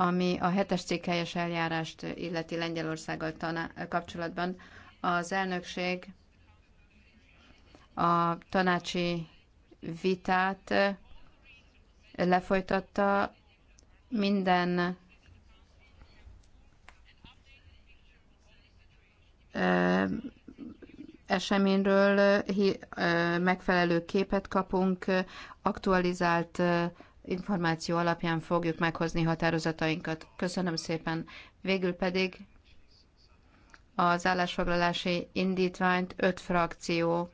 ami a hetes cikk helyes eljárást illeti Lengyelországgal taná- kapcsolatban. Az elnökség a tanácsi vitát lefolytatta minden eseményről megfelelő képet kapunk, aktualizált információ alapján fogjuk meghozni határozatainkat. Köszönöm szépen. Végül pedig az állásfoglalási indítványt öt frakció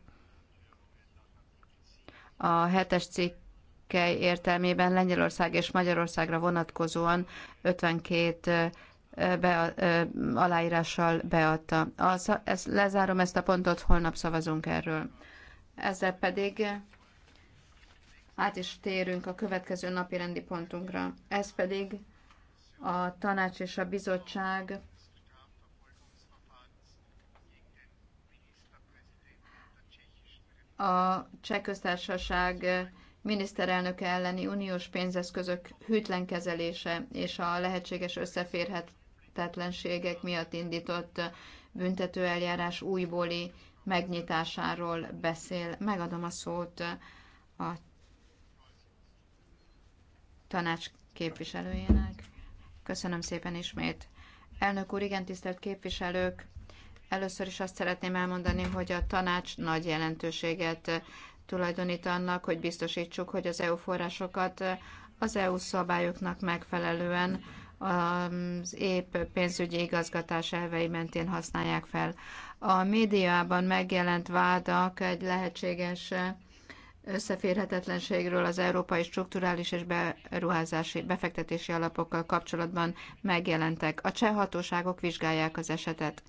a hetes cikkei értelmében Lengyelország és Magyarországra vonatkozóan 52 be, aláírással beadta. A, ez, lezárom ezt a pontot, holnap szavazunk erről. Ezzel pedig át is térünk a következő napi rendi pontunkra. Ez pedig a tanács és a bizottság a cseh köztársaság miniszterelnöke elleni uniós pénzeszközök hűtlen kezelése és a lehetséges összeférhetetlenségek miatt indított büntetőeljárás újbóli megnyitásáról beszél. Megadom a szót a tanács képviselőjének. Köszönöm szépen ismét. Elnök úr, igen, tisztelt képviselők! Először is azt szeretném elmondani, hogy a tanács nagy jelentőséget tulajdonít annak, hogy biztosítsuk, hogy az EU forrásokat az EU szabályoknak megfelelően az épp pénzügyi igazgatás elvei mentén használják fel. A médiában megjelent vádak egy lehetséges összeférhetetlenségről az európai strukturális és beruházási befektetési alapokkal kapcsolatban megjelentek. A cseh hatóságok vizsgálják az esetet.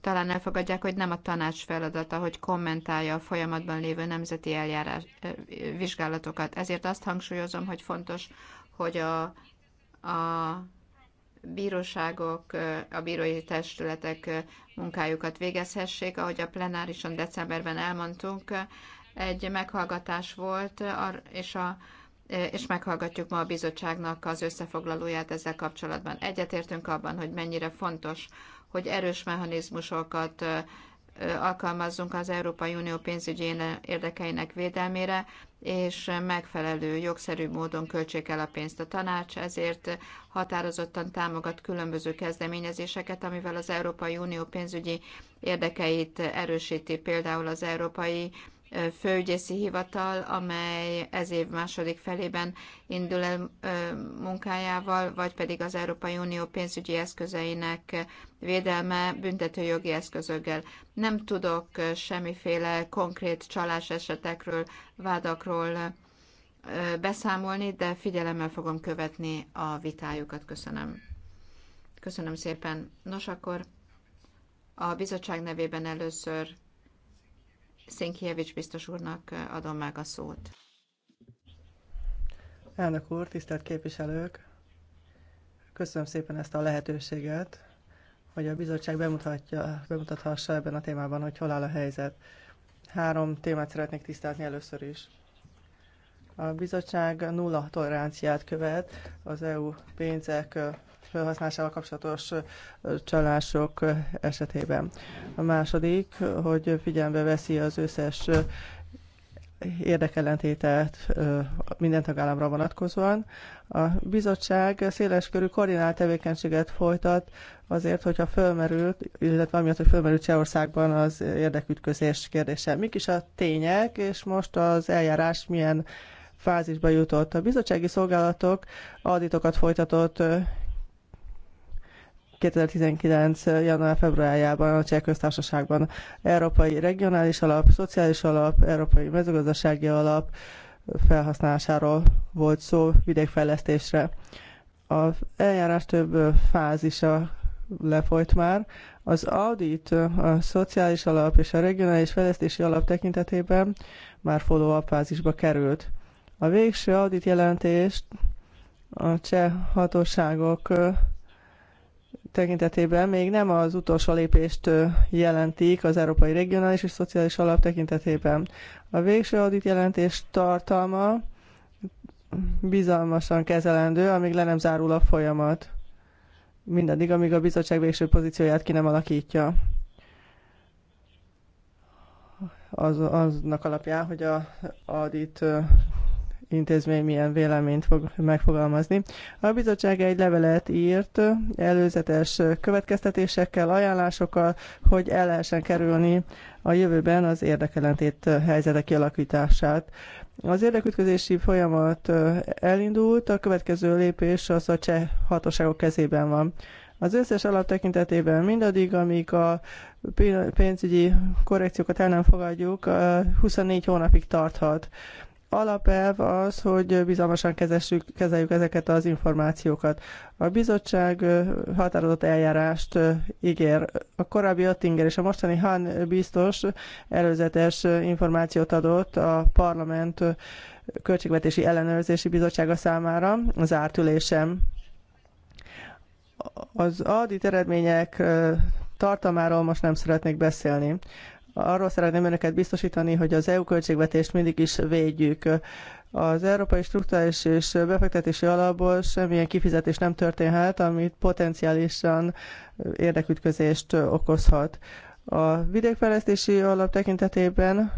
Talán elfogadják, hogy nem a tanács feladata, hogy kommentálja a folyamatban lévő nemzeti eljárás vizsgálatokat. Ezért azt hangsúlyozom, hogy fontos, hogy a, a bíróságok, a bírói testületek munkájukat végezhessék. Ahogy a plenárison decemberben elmondtunk, egy meghallgatás volt, és, a, e, és meghallgatjuk ma a bizottságnak az összefoglalóját ezzel kapcsolatban. Egyetértünk abban, hogy mennyire fontos, hogy erős mechanizmusokat e, e, alkalmazzunk az Európai Unió pénzügyi érdekeinek védelmére, és megfelelő, jogszerű módon költsék el a pénzt a tanács, ezért határozottan támogat különböző kezdeményezéseket, amivel az Európai Unió pénzügyi érdekeit erősíti, például az Európai főügyészi hivatal, amely ez év második felében indul el munkájával, vagy pedig az Európai Unió pénzügyi eszközeinek védelme büntetőjogi eszközökkel. Nem tudok semmiféle konkrét csalás esetekről, vádakról beszámolni, de figyelemmel fogom követni a vitájukat. Köszönöm. Köszönöm szépen. Nos, akkor a bizottság nevében először Szinkievics biztos úrnak adom meg a szót. Elnök úr, tisztelt képviselők! Köszönöm szépen ezt a lehetőséget, hogy a bizottság bemutatja, bemutathassa ebben a témában, hogy hol áll a helyzet. Három témát szeretnék tisztázni először is. A bizottság nulla toleranciát követ az EU pénzek felhasználásával kapcsolatos csalások esetében. A második, hogy figyelembe veszi az összes érdekellentétet minden tagállamra vonatkozóan. A bizottság körű koordinált tevékenységet folytat azért, hogyha fölmerült, illetve amiatt, hogy fölmerült Csehországban az érdekütközés kérdése. Mik is a tények, és most az eljárás milyen fázisba jutott. A bizottsági szolgálatok auditokat folytatott 2019. Eh, január-februárjában a Cseh Köztársaságban. Európai Regionális Alap, Szociális Alap, Európai Mezőgazdasági Alap felhasználásáról volt szó vidékfejlesztésre. Az eljárás több eh, fázisa lefolyt már. Az audit eh, a szociális alap és a regionális fejlesztési alap tekintetében már follow-up fázisba került. A végső audit jelentést a cseh hatóságok tekintetében még nem az utolsó lépést jelentik az Európai Regionális és Szociális Alap tekintetében. A végső audit jelentés tartalma bizalmasan kezelendő, amíg le nem zárul a folyamat. Mindaddig, amíg a bizottság végső pozícióját ki nem alakítja. Az, aznak alapján, hogy a audit intézmény milyen véleményt fog megfogalmazni. A bizottság egy levelet írt előzetes következtetésekkel, ajánlásokkal, hogy el lehessen kerülni a jövőben az érdekelentét helyzetek kialakítását. Az érdekütközési folyamat elindult, a következő lépés az a cseh hatóságok kezében van. Az összes alap tekintetében mindaddig, amíg a pénzügyi korrekciókat el nem fogadjuk, 24 hónapig tarthat alapelv az, hogy bizalmasan kezessük, kezeljük ezeket az információkat. A bizottság határozott eljárást ígér. A korábbi Ottinger és a mostani Han biztos előzetes információt adott a parlament költségvetési ellenőrzési bizottsága számára az ártülésem. Az audit eredmények tartalmáról most nem szeretnék beszélni arról szeretném önöket biztosítani, hogy az EU költségvetést mindig is védjük. Az Európai Struktúrális és Befektetési Alapból semmilyen kifizetés nem történhet, amit potenciálisan érdekütközést okozhat. A vidékfejlesztési alap tekintetében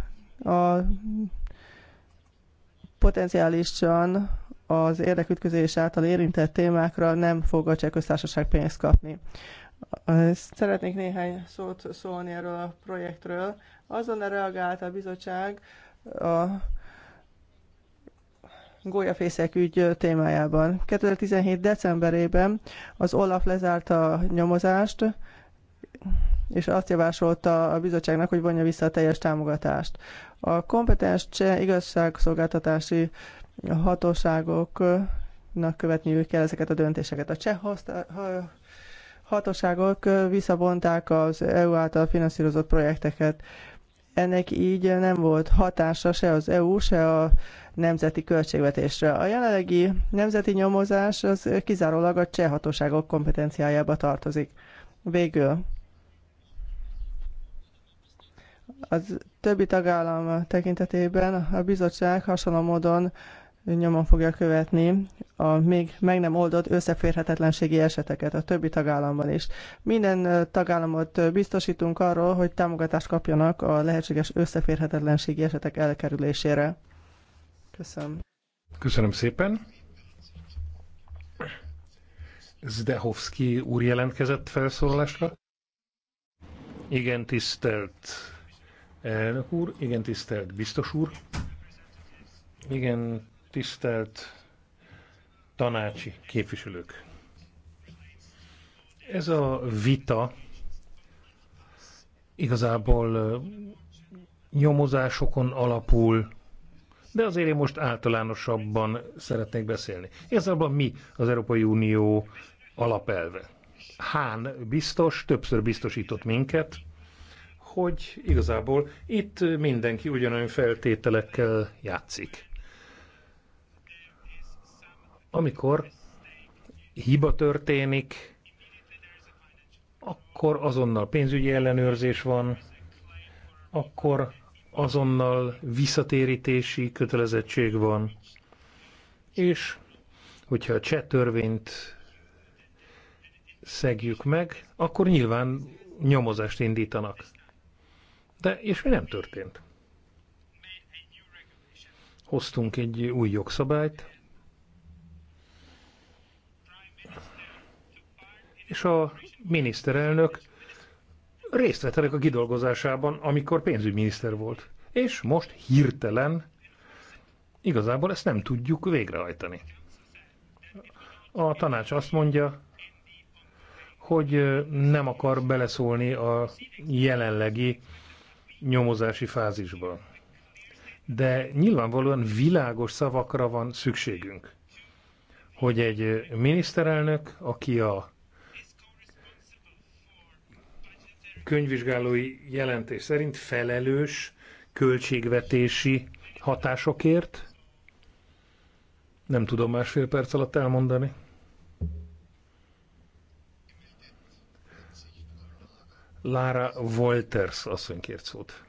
a potenciálisan az érdekütközés által érintett témákra nem fog a cseh pénzt kapni. Szeretnék néhány szót szólni erről a projektről. Azon reagált a bizottság a gólyafészek ügy témájában. 2017. decemberében az Olaf lezárta a nyomozást, és azt javasolta a bizottságnak, hogy vonja vissza a teljes támogatást. A kompetens cseh igazságszolgáltatási hatóságoknak követniük kell ezeket a döntéseket. A cseh hatóságok visszavonták az EU által finanszírozott projekteket. Ennek így nem volt hatása se az EU, se a nemzeti költségvetésre. A jelenlegi nemzeti nyomozás az kizárólag a cseh hatóságok kompetenciájába tartozik. Végül az többi tagállam tekintetében a bizottság hasonló módon nyomon fogja követni a még meg nem oldott összeférhetetlenségi eseteket a többi tagállamban is. Minden tagállamot biztosítunk arról, hogy támogatást kapjanak a lehetséges összeférhetetlenségi esetek elkerülésére. Köszönöm. Köszönöm szépen. Zdehovszki úr jelentkezett felszólalásra. Igen, tisztelt elnök úr, igen, tisztelt biztos úr, igen, tisztelt tanácsi képviselők! Ez a vita igazából nyomozásokon alapul, de azért én most általánosabban szeretnék beszélni. Igazából mi az Európai Unió alapelve? Hán biztos, többször biztosított minket, hogy igazából itt mindenki ugyanolyan feltételekkel játszik. Amikor hiba történik, akkor azonnal pénzügyi ellenőrzés van, akkor azonnal visszatérítési kötelezettség van. És hogyha a cseh törvényt szegjük meg, akkor nyilván nyomozást indítanak. De és mi nem történt? Hoztunk egy új jogszabályt, és a miniszterelnök részt vett ennek a kidolgozásában, amikor pénzügyminiszter volt. És most hirtelen igazából ezt nem tudjuk végrehajtani. A tanács azt mondja, hogy nem akar beleszólni a jelenlegi nyomozási fázisba. De nyilvánvalóan világos szavakra van szükségünk, hogy egy miniszterelnök, aki a könyvvizsgálói jelentés szerint felelős költségvetési hatásokért. Nem tudom másfél perc alatt elmondani. Lara Wolters asszony kért szót.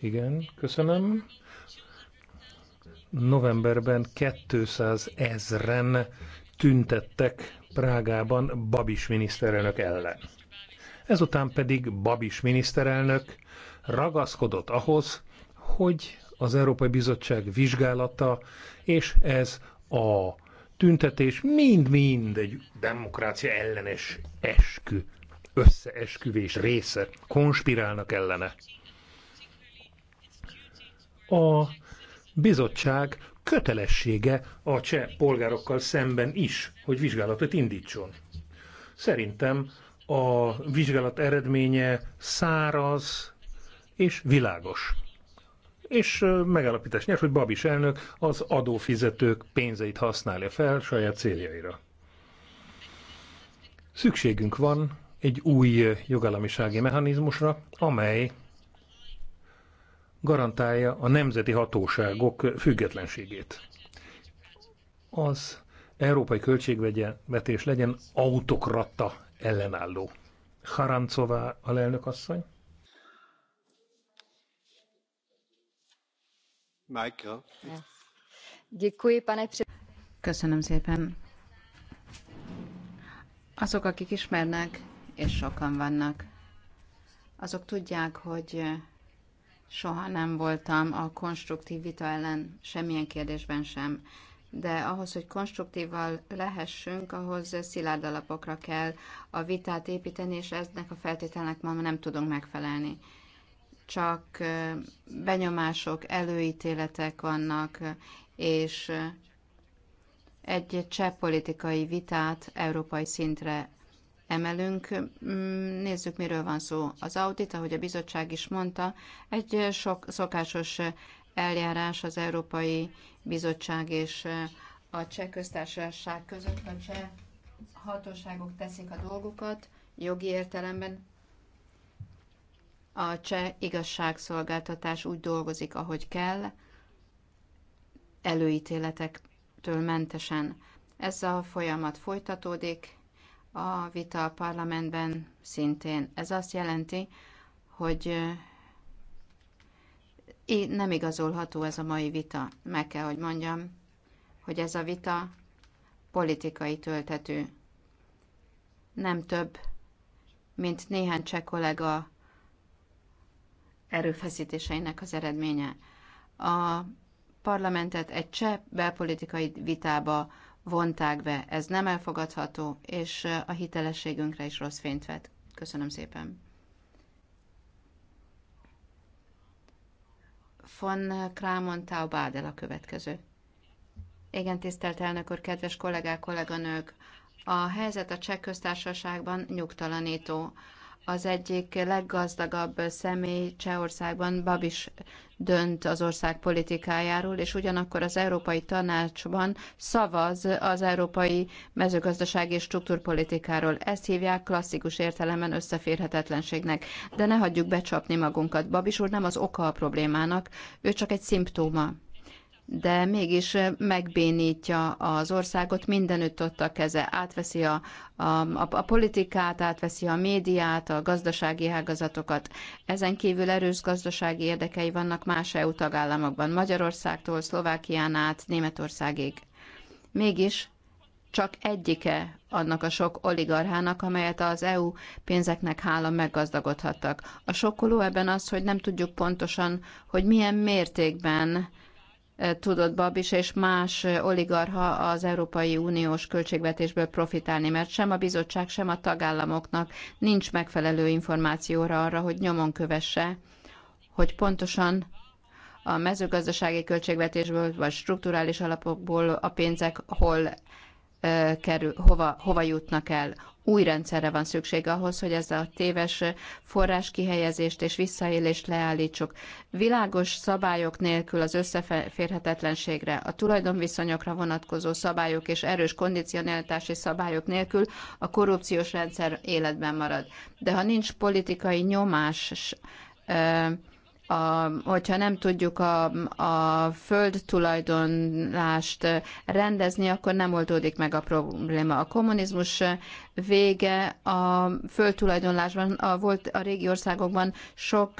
Igen, köszönöm. Novemberben 200 ezren tüntettek Prágában Babis miniszterelnök ellen. Ezután pedig Babis miniszterelnök ragaszkodott ahhoz, hogy az Európai Bizottság vizsgálata, és ez a tüntetés mind-mind egy demokrácia ellenes eskü, összeesküvés része, konspirálnak ellene. A bizottság kötelessége a cseh polgárokkal szemben is, hogy vizsgálatot indítson. Szerintem a vizsgálat eredménye száraz és világos. És megállapítás nyert, hogy Babis elnök az adófizetők pénzeit használja fel saját céljaira. Szükségünk van egy új jogállamisági mechanizmusra, amely garantálja a nemzeti hatóságok függetlenségét. Az európai költségvetés legyen autokratta ellenálló. Harancová lelnök asszony. Michael. Köszönöm szépen. Azok, akik ismernek, és sokan vannak, azok tudják, hogy soha nem voltam a konstruktív vita ellen, semmilyen kérdésben sem. De ahhoz, hogy konstruktíval lehessünk, ahhoz szilárd alapokra kell a vitát építeni, és eznek a feltételnek ma nem tudunk megfelelni. Csak benyomások, előítéletek vannak, és egy csepp politikai vitát európai szintre emelünk. Mm, nézzük, miről van szó. Az audit, ahogy a bizottság is mondta, egy sok, szokásos eljárás az Európai Bizottság és a cseh köztársaság között. A cseh hatóságok teszik a dolgokat jogi értelemben. A cseh igazságszolgáltatás úgy dolgozik, ahogy kell, előítéletektől mentesen. Ez a folyamat folytatódik, a vita a parlamentben szintén. Ez azt jelenti, hogy nem igazolható ez a mai vita. Meg kell, hogy mondjam, hogy ez a vita politikai töltetű. Nem több, mint néhány cseh kollega erőfeszítéseinek az eredménye. A parlamentet egy cseh belpolitikai vitába vonták be. Ez nem elfogadható, és a hitelességünkre is rossz fényt vet. Köszönöm szépen. Von Kramon Taubadel a következő. Igen, tisztelt elnök úr, kedves kollégák, kolléganők! A helyzet a cseh köztársaságban nyugtalanító az egyik leggazdagabb személy Csehországban, Babis dönt az ország politikájáról, és ugyanakkor az Európai Tanácsban szavaz az európai mezőgazdasági és struktúrpolitikáról. Ezt hívják klasszikus értelemben összeférhetetlenségnek. De ne hagyjuk becsapni magunkat. Babis úr nem az oka a problémának, ő csak egy szimptóma de mégis megbénítja az országot, mindenütt ott a keze, átveszi a, a, a, a politikát, átveszi a médiát, a gazdasági ágazatokat. Ezen kívül erős gazdasági érdekei vannak más EU tagállamokban, Magyarországtól, Szlovákián át, Németországig. Mégis csak egyike annak a sok oligarchának, amelyet az EU pénzeknek hála meggazdagodhattak. A sokkoló ebben az, hogy nem tudjuk pontosan, hogy milyen mértékben tudott Babis és más oligarha az Európai Uniós költségvetésből profitálni, mert sem a bizottság, sem a tagállamoknak nincs megfelelő információra arra, hogy nyomon kövesse, hogy pontosan a mezőgazdasági költségvetésből vagy strukturális alapokból a pénzek hol kerül, hova, hova jutnak el új rendszerre van szükség ahhoz, hogy ez a téves forrás kihelyezést és visszaélést leállítsuk. Világos szabályok nélkül az összeférhetetlenségre, a tulajdonviszonyokra vonatkozó szabályok és erős kondicionálatási szabályok nélkül a korrupciós rendszer életben marad. De ha nincs politikai nyomás, a, hogyha nem tudjuk a, a földtulajdonlást rendezni, akkor nem oldódik meg a probléma. A kommunizmus vége a földtulajdonlásban a, volt a régi országokban sok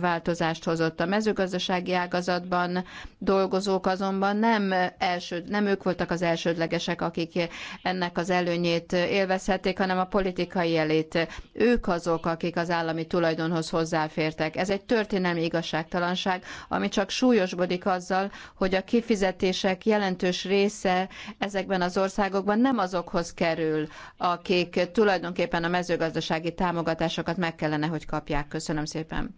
változást hozott. A mezőgazdasági ágazatban dolgozók azonban nem, első, nem ők voltak az elsődlegesek, akik ennek az előnyét élvezhették, hanem a politikai elét. Ők azok, akik az állami tulajdonhoz hozzáfértek. Ez egy történet történelmi igazságtalanság, ami csak súlyosbodik azzal, hogy a kifizetések jelentős része ezekben az országokban nem azokhoz kerül, akik tulajdonképpen a mezőgazdasági támogatásokat meg kellene, hogy kapják. Köszönöm szépen.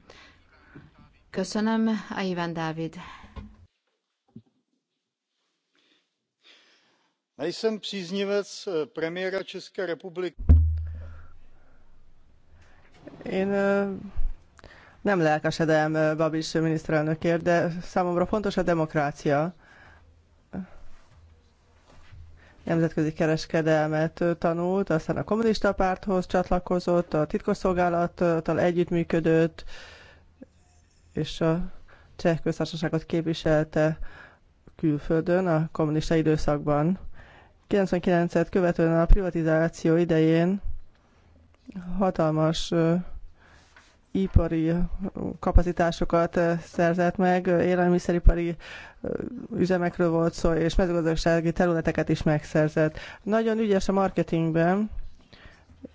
Köszönöm, Ivan Dávid. nejsem příznivec eh, premiéra české republiky. Én eh, nem lelkesedem Babis miniszterelnökért, de számomra fontos a demokrácia. Nemzetközi kereskedelmet tanult, aztán a kommunista párthoz csatlakozott, a titkosszolgálattal együttműködött, és a cseh köztársaságot képviselte külföldön a kommunista időszakban. 99-et követően a privatizáció idején hatalmas ipari kapacitásokat szerzett meg, élelmiszeripari üzemekről volt szó, és mezőgazdasági területeket is megszerzett. Nagyon ügyes a marketingben,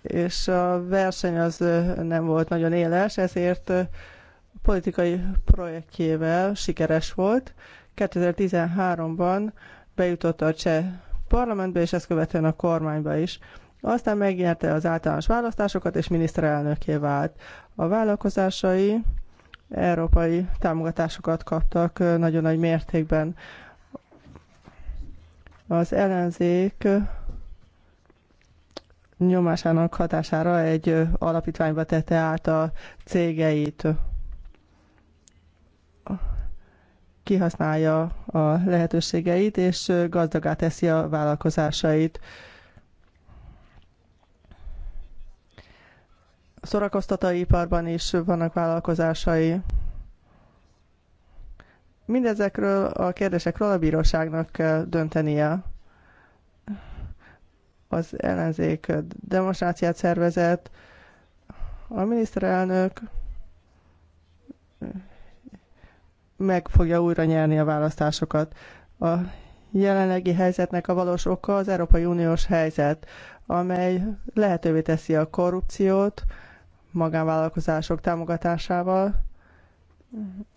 és a verseny az nem volt nagyon éles, ezért politikai projektjével sikeres volt. 2013-ban bejutott a cseh parlamentbe, és ezt követően a kormányba is. Aztán megnyerte az általános választásokat, és miniszterelnöké vált. A vállalkozásai európai támogatásokat kaptak nagyon nagy mértékben. Az ellenzék nyomásának hatására egy alapítványba tette át a cégeit. Kihasználja a lehetőségeit, és gazdagá teszi a vállalkozásait. szórakoztatóiparban is vannak vállalkozásai. Mindezekről a kérdésekről a bíróságnak kell döntenie. Az ellenzék demonstráciát szervezett, a miniszterelnök meg fogja újra nyerni a választásokat. A jelenlegi helyzetnek a valós oka az Európai Uniós helyzet, amely lehetővé teszi a korrupciót, magánvállalkozások támogatásával,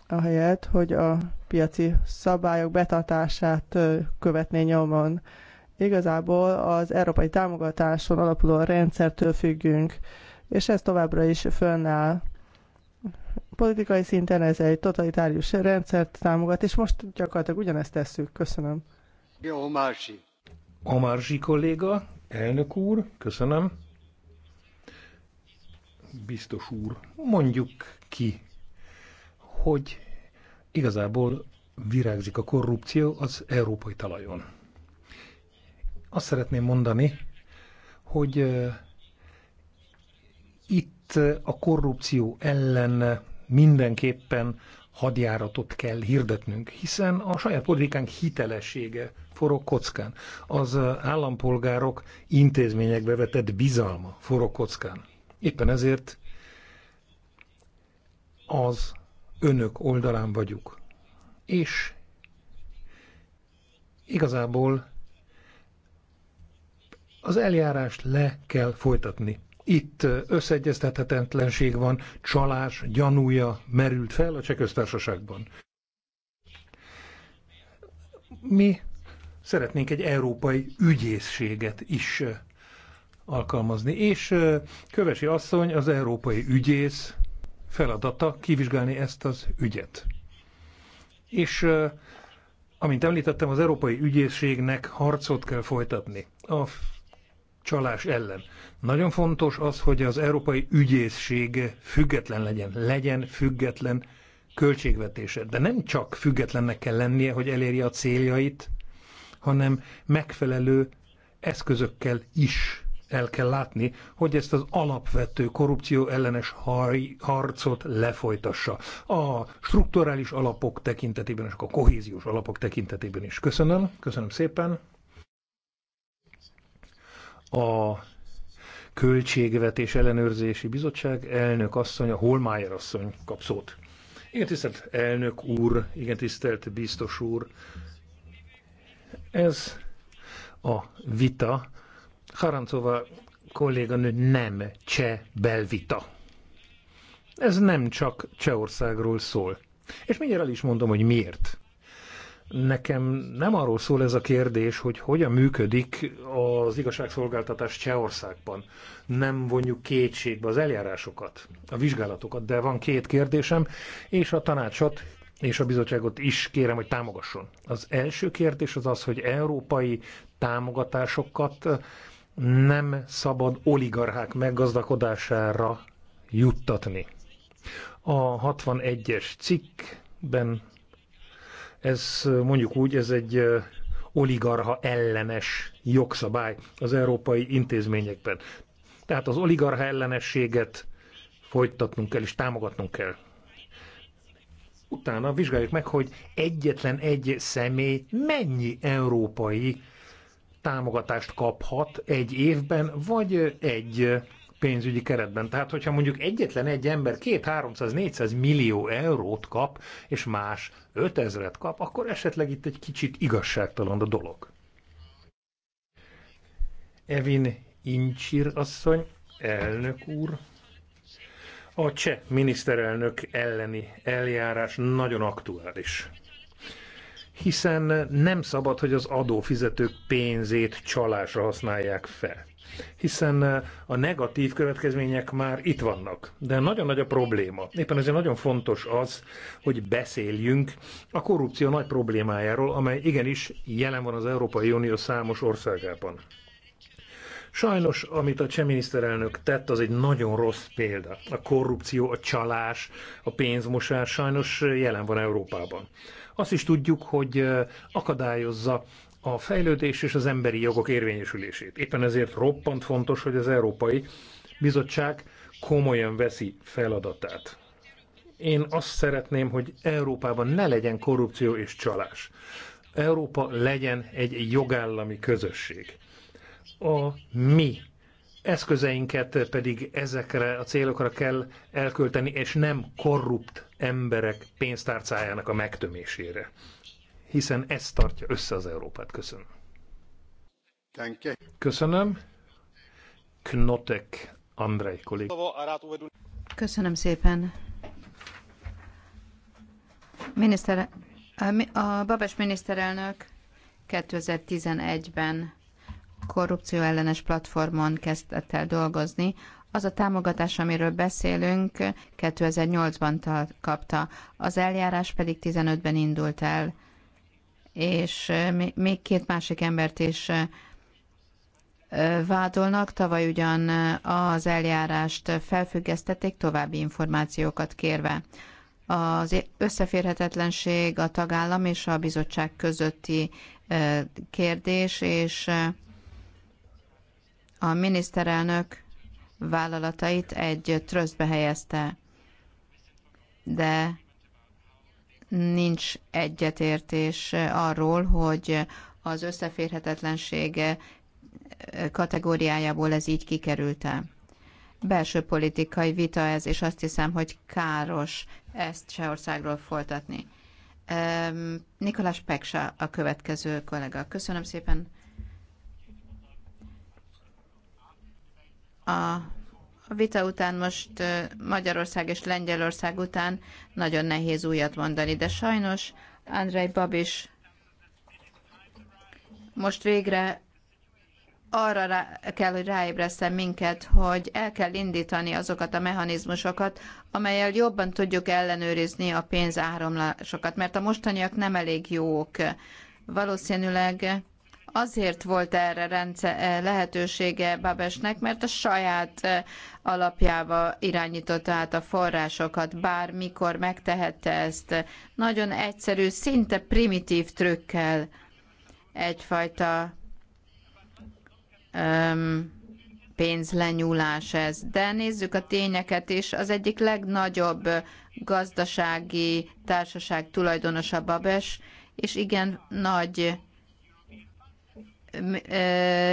ahelyett, hogy a piaci szabályok betartását követné nyomon. Igazából az európai támogatáson alapuló rendszertől függünk, és ez továbbra is fönnáll. Politikai szinten ez egy totalitárius rendszert támogat, és most gyakorlatilag ugyanezt tesszük. Köszönöm. Jó, Omarzsi Omársi kolléga, elnök úr, köszönöm biztos úr, mondjuk ki, hogy igazából virágzik a korrupció az európai talajon. Azt szeretném mondani, hogy itt a korrupció ellen mindenképpen hadjáratot kell hirdetnünk, hiszen a saját politikánk hitelessége forog kockán. Az állampolgárok intézményekbe vetett bizalma forog kockán. Éppen ezért az önök oldalán vagyunk. És igazából az eljárást le kell folytatni. Itt összeegyeztethetetlenség van, csalás, gyanúja merült fel a Csehköztársaságban. Mi szeretnénk egy európai ügyészséget is alkalmazni. És Kövesi asszony, az európai ügyész feladata kivizsgálni ezt az ügyet. És amint említettem, az európai ügyészségnek harcot kell folytatni a csalás ellen. Nagyon fontos az, hogy az európai ügyészség független legyen, legyen független költségvetése. De nem csak függetlennek kell lennie, hogy elérje a céljait, hanem megfelelő eszközökkel is el kell látni, hogy ezt az alapvető korrupció ellenes harcot lefolytassa. A strukturális alapok tekintetében és a kohéziós alapok tekintetében is. Köszönöm, köszönöm szépen. A Költségvetés Ellenőrzési Bizottság elnök asszony, a Holmájer asszony kap szót. Igen, tisztelt elnök úr, igen, tisztelt biztos úr. Ez a vita Harancova kolléganő nem cseh belvita. Ez nem csak Csehországról szól. És mindjárt el is mondom, hogy miért. Nekem nem arról szól ez a kérdés, hogy hogyan működik az igazságszolgáltatás Csehországban. Nem vonjuk kétségbe az eljárásokat, a vizsgálatokat, de van két kérdésem, és a tanácsot és a bizottságot is kérem, hogy támogasson. Az első kérdés az az, hogy európai támogatásokat nem szabad oligarchák meggazdakodására juttatni. A 61-es cikkben ez mondjuk úgy, ez egy oligarha ellenes jogszabály az európai intézményekben. Tehát az oligarha ellenességet folytatnunk kell és támogatnunk kell. Utána vizsgáljuk meg, hogy egyetlen egy személy mennyi európai támogatást kaphat egy évben, vagy egy pénzügyi keretben. Tehát, hogyha mondjuk egyetlen egy ember 2-300-400 millió eurót kap, és más 5000-et kap, akkor esetleg itt egy kicsit igazságtalan a dolog. Evin Incsir asszony, elnök úr. A cseh miniszterelnök elleni eljárás nagyon aktuális hiszen nem szabad, hogy az adófizetők pénzét csalásra használják fel. Hiszen a negatív következmények már itt vannak. De nagyon nagy a probléma. Éppen ezért nagyon fontos az, hogy beszéljünk a korrupció nagy problémájáról, amely igenis jelen van az Európai Unió számos országában. Sajnos, amit a cseh miniszterelnök tett, az egy nagyon rossz példa. A korrupció, a csalás, a pénzmosás sajnos jelen van Európában. Azt is tudjuk, hogy akadályozza a fejlődés és az emberi jogok érvényesülését. Éppen ezért roppant fontos, hogy az Európai Bizottság komolyan veszi feladatát. Én azt szeretném, hogy Európában ne legyen korrupció és csalás. Európa legyen egy jogállami közösség. A mi eszközeinket pedig ezekre a célokra kell elkölteni, és nem korrupt emberek pénztárcájának a megtömésére. Hiszen ez tartja össze az Európát. Köszönöm. Köszönöm. Knotek Andrei kollég. Köszönöm szépen. Miniszter, a Babes miniszterelnök 2011-ben korrupció ellenes platformon kezdett el dolgozni, az a támogatás, amiről beszélünk, 2008-ban kapta, az eljárás pedig 15-ben indult el, és még két másik embert is vádolnak, tavaly ugyan az eljárást felfüggesztették további információkat kérve. Az összeférhetetlenség a tagállam és a bizottság közötti kérdés, és a miniszterelnök vállalatait egy trösztbe helyezte. De nincs egyetértés arról, hogy az összeférhetetlensége kategóriájából ez így kikerült-e. Belső politikai vita ez, és azt hiszem, hogy káros ezt Csehországról folytatni. Nikolás Peksa a következő kollega. Köszönöm szépen, A vita után most Magyarország és Lengyelország után nagyon nehéz újat mondani, de sajnos Andrei Babis most végre arra rá, kell, hogy ráébresztem minket, hogy el kell indítani azokat a mechanizmusokat, amelyel jobban tudjuk ellenőrizni a pénzáramlásokat, mert a mostaniak nem elég jók. Valószínűleg Azért volt erre rendszer, eh, lehetősége Babesnek, mert a saját eh, alapjába irányította át a forrásokat, bármikor megtehette ezt nagyon egyszerű, szinte primitív trükkel egyfajta öm, pénzlenyúlás ez. De nézzük a tényeket is. Az egyik legnagyobb gazdasági társaság tulajdonosa Babes, és igen nagy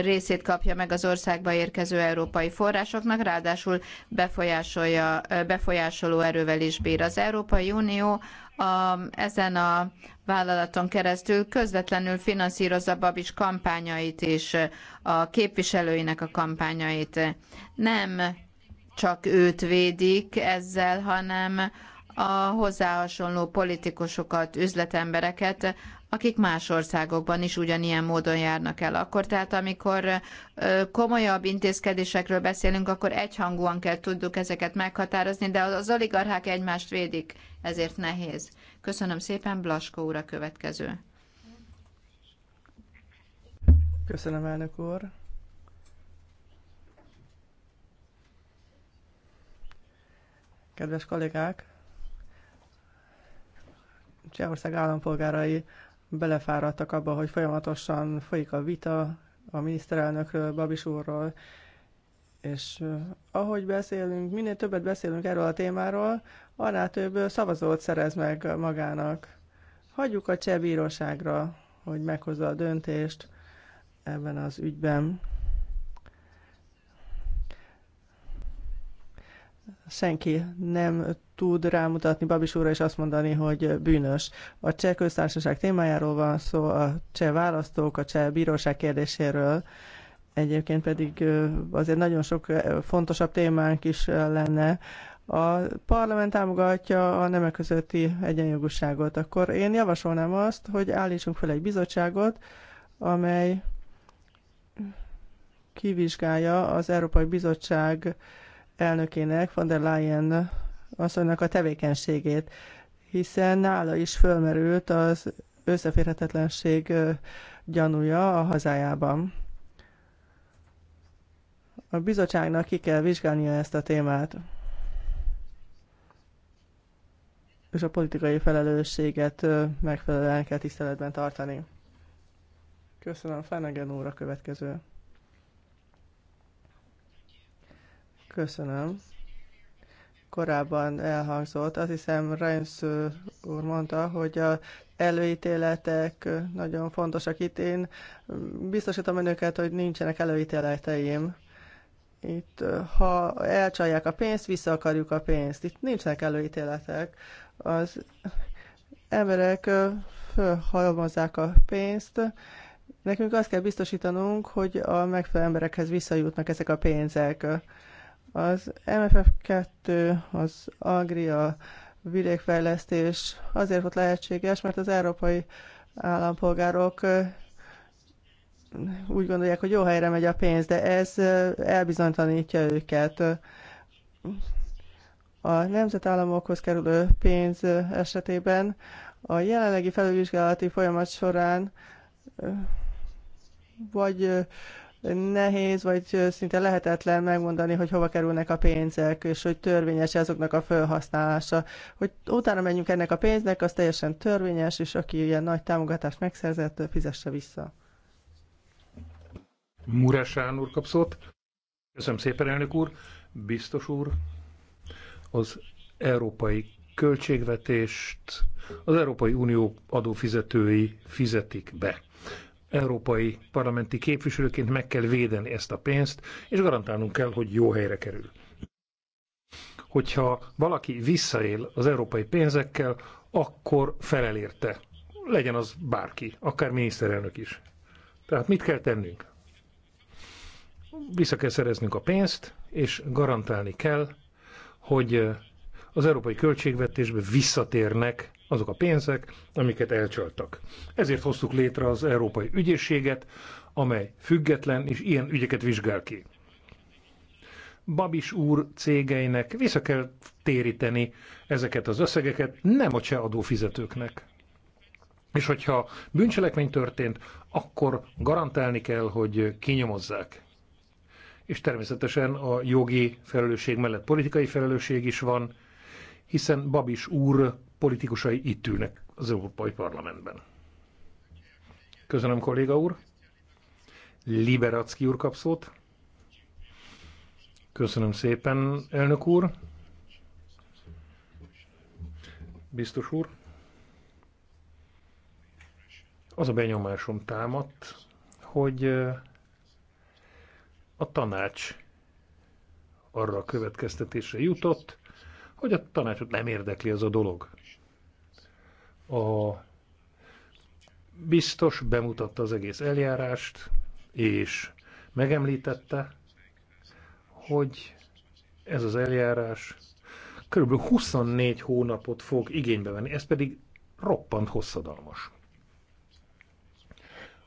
részét kapja meg az országba érkező európai forrásoknak, ráadásul befolyásolja, befolyásoló erővel is bír. Az Európai Unió a, ezen a vállalaton keresztül közvetlenül finanszírozza Babis kampányait és a képviselőinek a kampányait. Nem csak őt védik ezzel, hanem a hozzá hasonló politikusokat, üzletembereket, akik más országokban is ugyanilyen módon járnak el. Akkor tehát, amikor komolyabb intézkedésekről beszélünk, akkor egyhangúan kell tudjuk ezeket meghatározni, de az oligarchák egymást védik, ezért nehéz. Köszönöm szépen, Blaskó úr a következő. Köszönöm, elnök úr. Kedves kollégák, Csehország állampolgárai belefáradtak abba, hogy folyamatosan folyik a vita a miniszterelnökről, Babis úrról, és eh, ahogy beszélünk, minél többet beszélünk erről a témáról, annál több eh, szavazót szerez meg magának. Hagyjuk a cseh bíróságra, hogy meghozza a döntést ebben az ügyben. Senki nem tud rámutatni Babis úrra és azt mondani, hogy bűnös. A cseh köztársaság témájáról van szó, a cseh választók, a cseh bíróság kérdéséről, egyébként pedig azért nagyon sok fontosabb témánk is lenne. A parlament támogatja a nemek közötti egyenjogúságot, akkor én javasolnám azt, hogy állítsunk fel egy bizottságot, amely kivizsgálja az Európai Bizottság elnökének, von der Leyen asszonynak a tevékenységét, hiszen nála is fölmerült az összeférhetetlenség gyanúja a hazájában. A bizottságnak ki kell vizsgálnia ezt a témát, és a politikai felelősséget megfelelően kell tiszteletben tartani. Köszönöm, Fenegen úr a következő. Köszönöm korábban elhangzott. Azt hiszem, Reims úr mondta, hogy a előítéletek nagyon fontosak itt. Én biztosítom önöket, hogy nincsenek előítéleteim. Itt, ha elcsalják a pénzt, vissza akarjuk a pénzt. Itt nincsenek előítéletek. Az emberek fölhalmozzák a pénzt. Nekünk azt kell biztosítanunk, hogy a megfelelő emberekhez visszajutnak ezek a pénzek. Az MFF2, az Agria vidékfejlesztés azért volt lehetséges, mert az európai állampolgárok úgy gondolják, hogy jó helyre megy a pénz, de ez elbizonytalanítja őket. A nemzetállamokhoz kerülő pénz esetében a jelenlegi felülvizsgálati folyamat során vagy nehéz, vagy szinte lehetetlen megmondani, hogy hova kerülnek a pénzek, és hogy törvényes -e azoknak a felhasználása. Hogy utána menjünk ennek a pénznek, az teljesen törvényes, és aki ilyen nagy támogatást megszerzett, fizesse vissza. Muresán úr kapszott. Köszönöm szépen, elnök úr. Biztos úr, az európai költségvetést az Európai Unió adófizetői fizetik be európai parlamenti képviselőként meg kell védeni ezt a pénzt, és garantálnunk kell, hogy jó helyre kerül. Hogyha valaki visszaél az európai pénzekkel, akkor felel érte. Legyen az bárki, akár miniszterelnök is. Tehát mit kell tennünk? Vissza kell szereznünk a pénzt, és garantálni kell, hogy az európai költségvetésbe visszatérnek azok a pénzek, amiket elcsaltak. Ezért hoztuk létre az Európai Ügyészséget, amely független és ilyen ügyeket vizsgál ki. Babis úr cégeinek vissza kell téríteni ezeket az összegeket, nem a cseh adófizetőknek. És hogyha bűncselekmény történt, akkor garantálni kell, hogy kinyomozzák. És természetesen a jogi felelősség mellett politikai felelősség is van, hiszen Babis úr politikusai itt ülnek az Európai Parlamentben. Köszönöm, kolléga úr. Liberacki úr kap szót. Köszönöm szépen, elnök úr. Biztos úr. Az a benyomásom támadt, hogy a tanács arra a következtetésre jutott, hogy a tanácsot nem érdekli ez a dolog. A biztos bemutatta az egész eljárást, és megemlítette, hogy ez az eljárás körülbelül 24 hónapot fog igénybe venni, ez pedig roppant hosszadalmas.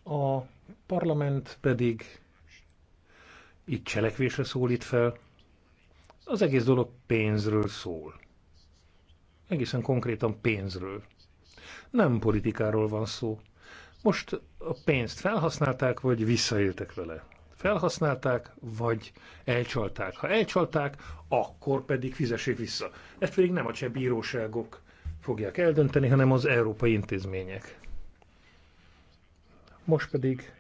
A parlament pedig itt cselekvésre szólít fel, az egész dolog pénzről szól. Egészen konkrétan pénzről. Nem politikáról van szó. Most a pénzt felhasználták, vagy visszaéltek vele? Felhasználták, vagy elcsalták? Ha elcsalták, akkor pedig fizessék vissza. Ezt pedig nem a cseh bíróságok fogják eldönteni, hanem az európai intézmények. Most pedig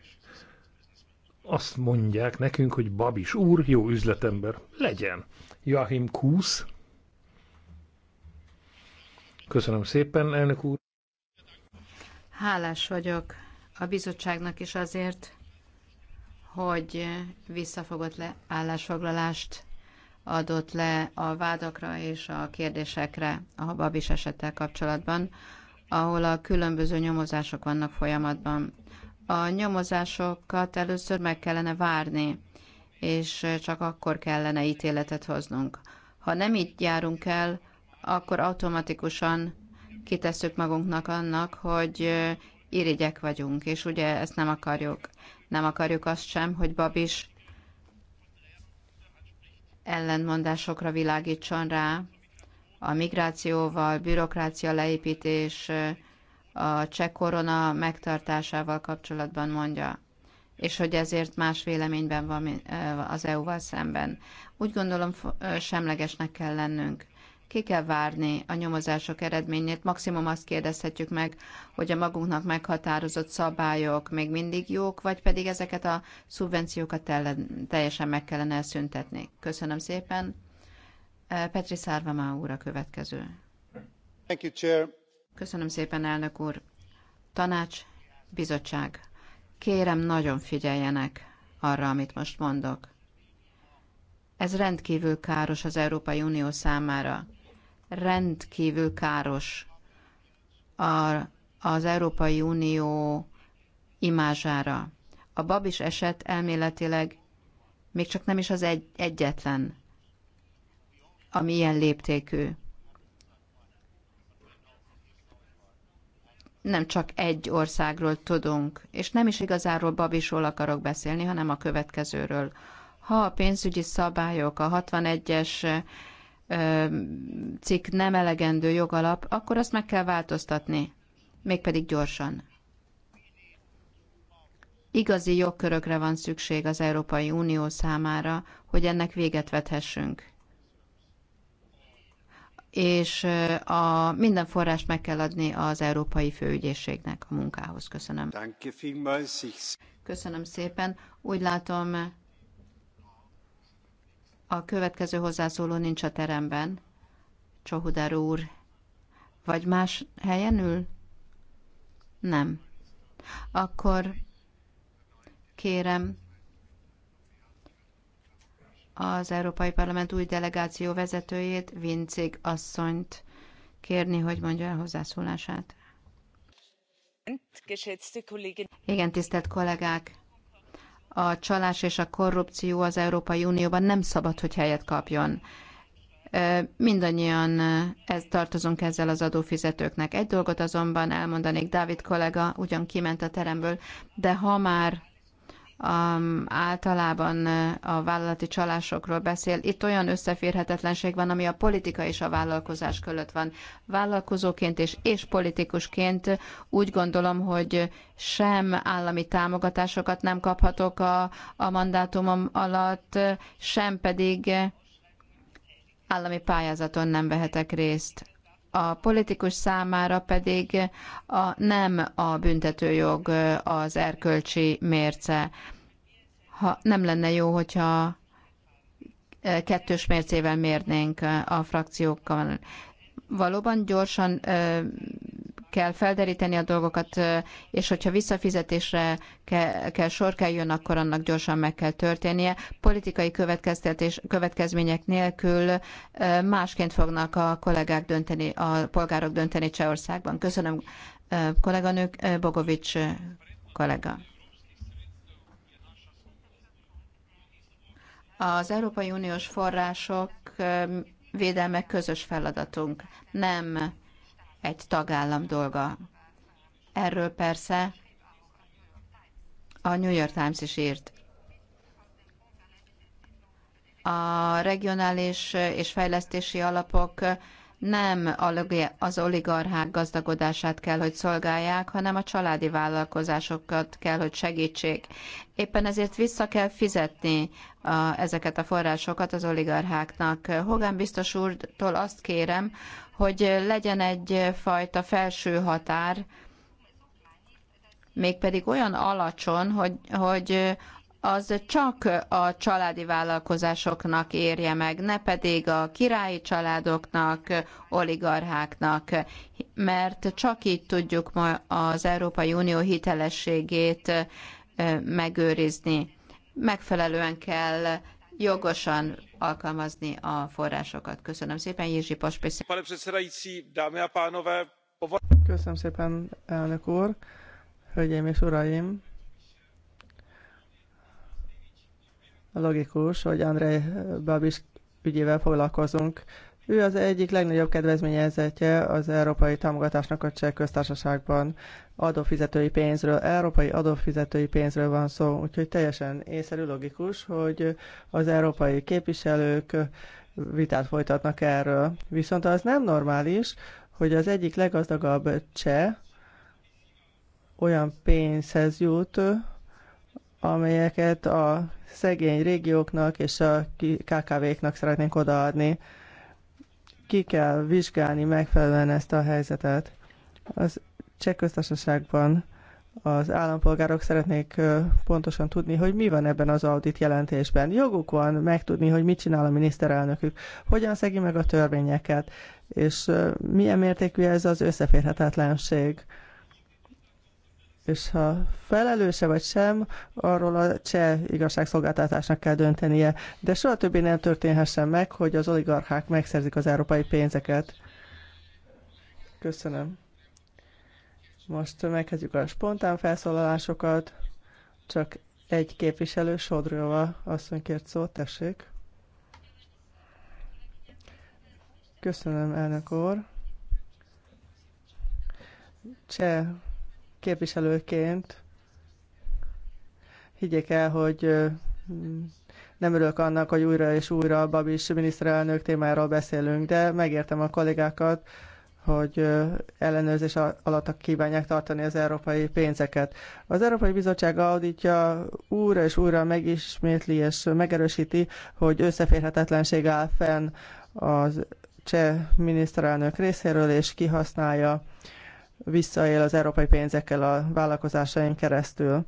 azt mondják nekünk, hogy Babis úr jó üzletember. Legyen. Joachim Kúsz Köszönöm szépen, elnök úr. Hálás vagyok a bizottságnak is azért, hogy visszafogott le állásfoglalást adott le a vádakra és a kérdésekre a babis esettel kapcsolatban, ahol a különböző nyomozások vannak folyamatban. A nyomozásokat először meg kellene várni, és csak akkor kellene ítéletet hoznunk. Ha nem így járunk el, akkor automatikusan kitesszük magunknak annak, hogy irigyek vagyunk, és ugye ezt nem akarjuk. Nem akarjuk azt sem, hogy Babis ellenmondásokra világítson rá, a migrációval, bürokrácia leépítés, a cseh korona megtartásával kapcsolatban mondja, és hogy ezért más véleményben van az EU-val szemben. Úgy gondolom, semlegesnek kell lennünk. Ki kell várni a nyomozások eredményét. Maximum azt kérdezhetjük meg, hogy a magunknak meghatározott szabályok még mindig jók, vagy pedig ezeket a szubvenciókat teljesen meg kellene szüntetni. Köszönöm szépen. Petri Szárvamá úr a következő. Thank you, Chair. Köszönöm szépen, elnök úr. Tanács, bizottság. Kérem, nagyon figyeljenek arra, amit most mondok. Ez rendkívül káros az Európai Unió számára rendkívül káros a, az Európai Unió imázsára. A Babis eset elméletileg még csak nem is az egy, egyetlen, ami ilyen léptékű. Nem csak egy országról tudunk, és nem is igazáról Babisról akarok beszélni, hanem a következőről. Ha a pénzügyi szabályok, a 61-es cikk nem elegendő jogalap, akkor azt meg kell változtatni, mégpedig gyorsan. Igazi jogkörökre van szükség az Európai Unió számára, hogy ennek véget vethessünk. És a minden forrást meg kell adni az Európai Főügyészségnek a munkához. Köszönöm. Köszönöm szépen. Úgy látom, a következő hozzászóló nincs a teremben. Csohudár úr. Vagy más helyen ül? Nem. Akkor kérem az Európai Parlament új delegáció vezetőjét, Vincig asszonyt kérni, hogy mondja el hozzászólását. Igen, tisztelt kollégák! a csalás és a korrupció az Európai Unióban nem szabad, hogy helyet kapjon. Mindannyian ez, tartozunk ezzel az adófizetőknek. Egy dolgot azonban elmondanék, Dávid kollega ugyan kiment a teremből, de ha már um, általában uh, a vállalati csalásokról beszél. Itt olyan összeférhetetlenség van, ami a politika és a vállalkozás között van. Vállalkozóként és, és politikusként úgy gondolom, hogy sem állami támogatásokat nem kaphatok a, a mandátumom alatt, sem pedig állami pályázaton nem vehetek részt a politikus számára pedig a, nem a büntetőjog az erkölcsi mérce. Ha nem lenne jó, hogyha kettős mércével mérnénk a frakciókkal. Valóban gyorsan kell felderíteni a dolgokat, és hogyha visszafizetésre kell, sor kerüljön, akkor annak gyorsan meg kell történnie. Politikai következtetés, következmények nélkül másként fognak a kollégák dönteni, a polgárok dönteni Csehországban. Köszönöm kolléganők, Bogovics kollega. Az Európai Uniós források védelme közös feladatunk. Nem egy tagállam dolga. Erről persze a New York Times is írt. A regionális és fejlesztési alapok nem az oligarchák gazdagodását kell, hogy szolgálják, hanem a családi vállalkozásokat kell, hogy segítsék. Éppen ezért vissza kell fizetni a, ezeket a forrásokat az oligarcháknak. Hogan biztos úrtól azt kérem, hogy legyen egyfajta felső határ, mégpedig olyan alacsony, hogy, hogy az csak a családi vállalkozásoknak érje meg, ne pedig a királyi családoknak, oligarcháknak, mert csak így tudjuk ma az Európai Unió hitelességét megőrizni. Megfelelően kell jogosan alkalmazni a forrásokat. Köszönöm szépen, Jézsi Pospészi. Köszönöm szépen, elnök úr, hölgyeim és uraim! logikus, hogy Andrei Babis ügyével foglalkozunk. Ő az egyik legnagyobb kedvezményezetje az európai támogatásnak a cseh köztársaságban. Adófizetői pénzről, európai adófizetői pénzről van szó, úgyhogy teljesen észszerű logikus, hogy az európai képviselők vitát folytatnak erről. Viszont az nem normális, hogy az egyik leggazdagabb cseh olyan pénzhez jut, amelyeket a szegény régióknak és a KKV-knak szeretnénk odaadni. Ki kell vizsgálni megfelelően ezt a helyzetet. Az cseh köztársaságban az állampolgárok szeretnék pontosan tudni, hogy mi van ebben az audit jelentésben. Joguk van megtudni, hogy mit csinál a miniszterelnökük, hogyan szegi meg a törvényeket, és milyen mértékű ez az összeférhetetlenség és ha felelőse vagy sem, arról a cseh igazságszolgáltatásnak kell döntenie. De soha többé nem történhessen meg, hogy az oligarchák megszerzik az európai pénzeket. Köszönöm. Most megkezdjük a spontán felszólalásokat. Csak egy képviselő, Sodrova asszony kért szót, tessék. Köszönöm, elnök úr. Cseh képviselőként higgyék el, hogy nem örülök annak, hogy újra és újra Babis miniszterelnök témáról beszélünk, de megértem a kollégákat, hogy ellenőrzés alatt kívánják tartani az európai pénzeket. Az Európai Bizottság auditja újra és újra megismétli és megerősíti, hogy összeférhetetlenség áll fenn az cseh miniszterelnök részéről, és kihasználja visszaél az európai pénzekkel a vállalkozásaink keresztül.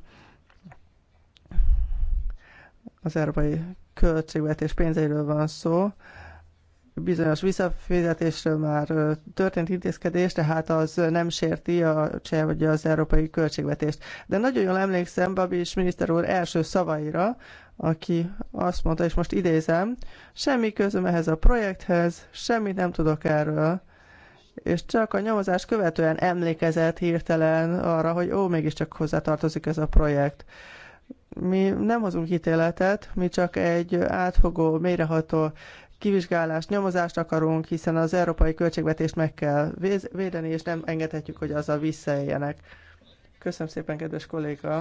Az európai költségvetés pénzeiről van szó. Bizonyos visszafizetésről már történt intézkedés, tehát az nem sérti a cseh vagy az európai költségvetést. De nagyon jól emlékszem Babis miniszter úr első szavaira, aki azt mondta, és most idézem, semmi közöm ehhez a projekthez, semmit nem tudok erről és csak a nyomozás követően emlékezett hirtelen arra, hogy ó, mégiscsak hozzátartozik ez a projekt. Mi nem hozunk ítéletet, mi csak egy átfogó, mélyreható kivizsgálást, nyomozást akarunk, hiszen az európai költségvetést meg kell védeni, és nem engedhetjük, hogy azzal visszaéljenek. Köszönöm szépen, kedves kolléga!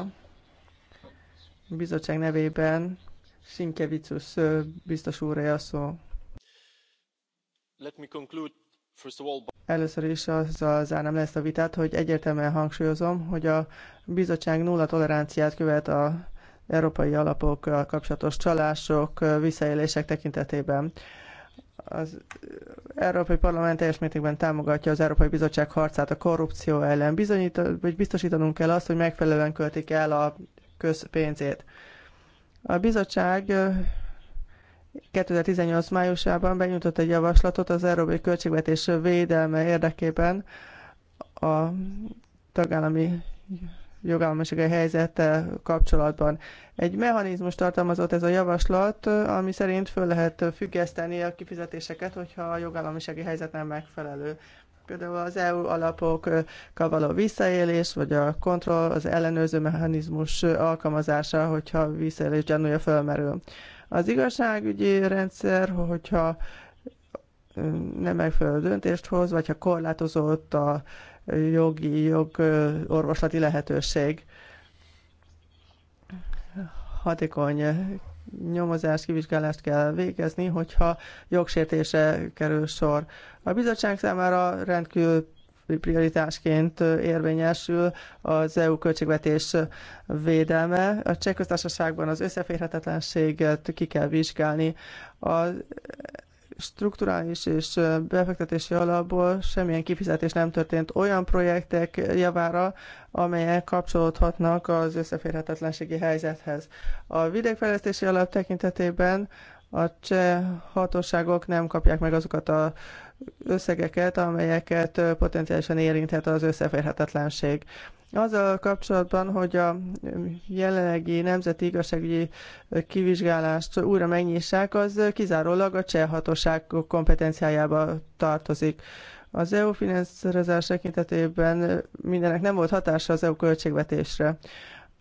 A bizottság nevében Sinkevicus biztos úrja a szó. Let me conclude Először is azzal zárnám le ezt a vitát, hogy egyértelműen hangsúlyozom, hogy a bizottság nulla toleranciát követ a európai alapokkal kapcsolatos csalások, visszaélések tekintetében. Az Európai Parlament teljes mértékben támogatja az Európai Bizottság harcát a korrupció ellen. Bizonyít, vagy biztosítanunk kell azt, hogy megfelelően költik el a közpénzét. A bizottság 2018 májusában benyújtott egy javaslatot az európai költségvetés védelme érdekében a tagállami jogállamisági helyzettel kapcsolatban. Egy mechanizmus tartalmazott ez a javaslat, ami szerint föl lehet függeszteni a kifizetéseket, hogyha a jogállamisági helyzet nem megfelelő. Például az EU alapokkal való visszaélés, vagy a kontroll, az ellenőrző mechanizmus alkalmazása, hogyha visszaélés gyanúja fölmerül. Az igazságügyi rendszer, hogyha nem megfelelő döntést hoz, vagy ha korlátozott a jogi, jog orvoslati lehetőség, hatékony nyomozás kivizsgálást kell végezni, hogyha jogsértése kerül sor. A bizottság számára rendkívül prioritásként érvényesül az EU költségvetés védelme. A cseh az összeférhetetlenséget ki kell vizsgálni. A strukturális és befektetési alapból semmilyen kifizetés nem történt olyan projektek javára, amelyek kapcsolódhatnak az összeférhetetlenségi helyzethez. A vidékfejlesztési alap tekintetében a cseh hatóságok nem kapják meg azokat a összegeket, amelyeket potenciálisan érinthet az összeférhetetlenség. Azzal kapcsolatban, hogy a jelenlegi nemzeti igazságügyi kivizsgálást újra megnyissák, az kizárólag a cseh hatóság kompetenciájába tartozik. Az EU finanszírozás tekintetében mindenek nem volt hatása az EU költségvetésre.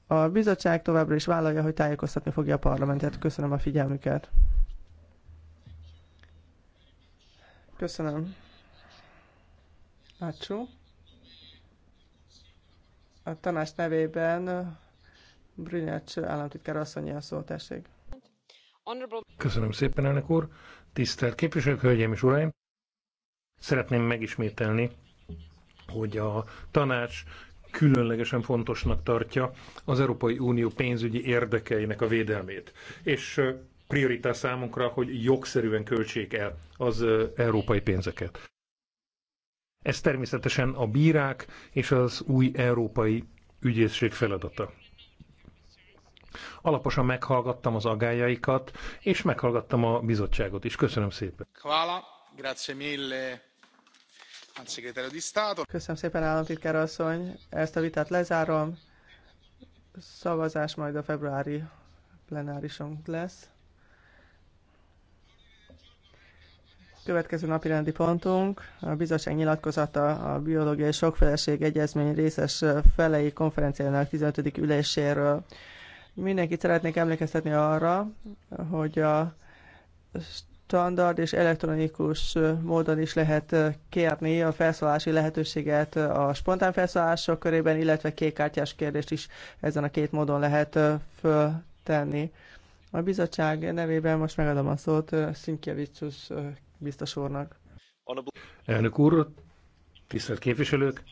A bizottság továbbra is vállalja, hogy tájékoztatni fogja a parlamentet. Köszönöm a figyelmüket. Köszönöm. Ácsó. A tanács nevében Brünyács államtitkár asszonyi a szó, tessék. Köszönöm szépen, elnök úr. Tisztelt képviselők, hölgyeim és uraim! Szeretném megismételni, hogy a tanács különlegesen fontosnak tartja az Európai Unió pénzügyi érdekeinek a védelmét. És prioritás számunkra, hogy jogszerűen költsék el az európai pénzeket. Ez természetesen a bírák és az új európai ügyészség feladata. Alaposan meghallgattam az agályaikat, és meghallgattam a bizottságot is. Köszönöm szépen. grazie mille. Köszönöm szépen, államtitkár asszony. Ezt a vitát lezárom. Szavazás majd a februári plenárison lesz. Következő napi rendi pontunk a bizottság nyilatkozata a Biológiai Sokfeleség Egyezmény részes felei konferenciának 15. üléséről. Mindenkit szeretnék emlékeztetni arra, hogy a standard és elektronikus módon is lehet kérni a felszólási lehetőséget a spontán felszólások körében, illetve kékkártyás kérdést is ezen a két módon lehet föltenni. A bizottság nevében most megadom a szót Szinkjevicsus biztos úrnak. Elnök úr, tisztelt képviselők,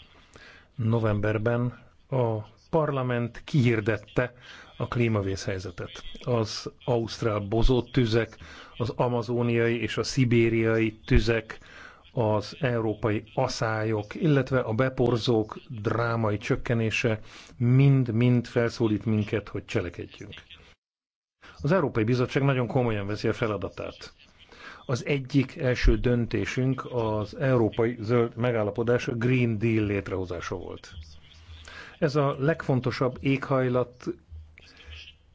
novemberben a parlament kihirdette a klímavészhelyzetet. Az ausztrál bozott tüzek, az amazóniai és a szibériai tüzek, az európai aszályok, illetve a beporzók drámai csökkenése mind-mind felszólít minket, hogy cselekedjünk. Az Európai Bizottság nagyon komolyan veszi a feladatát. Az egyik első döntésünk az Európai Zöld Megállapodás a Green Deal létrehozása volt. Ez a legfontosabb éghajlat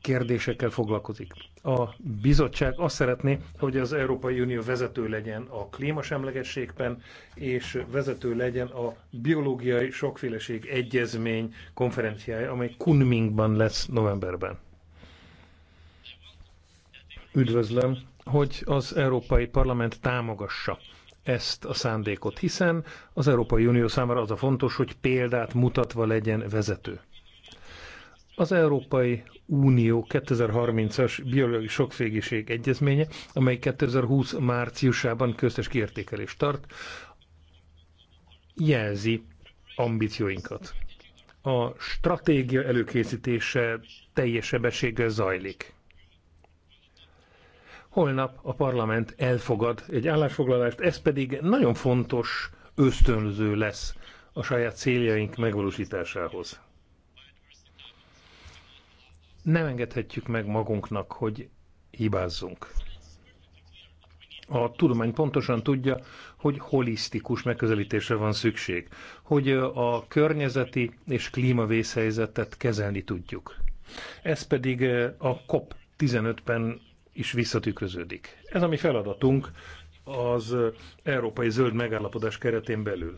kérdésekkel foglalkozik. A bizottság azt szeretné, hogy az Európai Unió vezető legyen a klímasemlegességben, és vezető legyen a biológiai sokféleség egyezmény konferenciája, amely Kunmingban lesz novemberben. Üdvözlöm hogy az Európai Parlament támogassa ezt a szándékot, hiszen az Európai Unió számára az a fontos, hogy példát mutatva legyen vezető. Az Európai Unió 2030-as biológiai sokféliség egyezménye, amely 2020 márciusában köztes kiértékelést tart, jelzi ambícióinkat. A stratégia előkészítése teljes sebességgel zajlik. Holnap a parlament elfogad egy állásfoglalást, ez pedig nagyon fontos ösztönző lesz a saját céljaink megvalósításához. Nem engedhetjük meg magunknak, hogy hibázzunk. A tudomány pontosan tudja, hogy holisztikus megközelítésre van szükség, hogy a környezeti és klímavészhelyzetet kezelni tudjuk. Ez pedig a COP 15-ben is visszatükröződik. Ez a mi feladatunk az Európai Zöld Megállapodás keretén belül.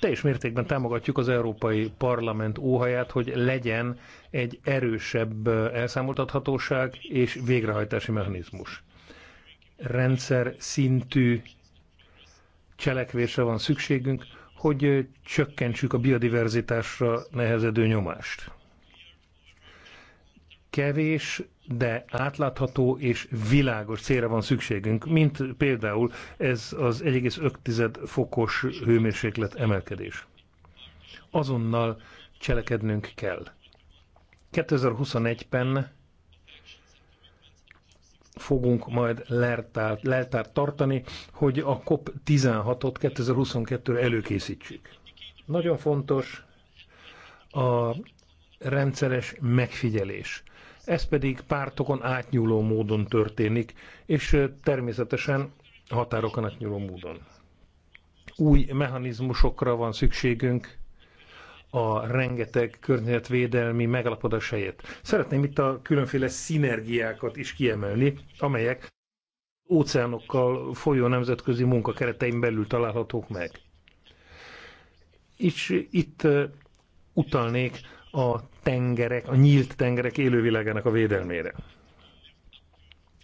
Teljes mértékben támogatjuk az Európai Parlament óhaját, hogy legyen egy erősebb elszámoltathatóság és végrehajtási mechanizmus. Rendszer szintű cselekvésre van szükségünk, hogy csökkentsük a biodiverzitásra nehezedő nyomást. Kevés de átlátható és világos célra van szükségünk, mint például ez az 1,5 fokos hőmérséklet emelkedés. Azonnal cselekednünk kell. 2021-ben fogunk majd leltárt, tartani, hogy a COP16-ot 2022-re előkészítsük. Nagyon fontos a rendszeres megfigyelés ez pedig pártokon átnyúló módon történik, és természetesen határokon átnyúló módon. Új mechanizmusokra van szükségünk a rengeteg környezetvédelmi megalapodás helyett. Szeretném itt a különféle szinergiákat is kiemelni, amelyek óceánokkal folyó nemzetközi munka keretein belül találhatók meg. És itt utalnék a tengerek, a nyílt tengerek élővilágának a védelmére.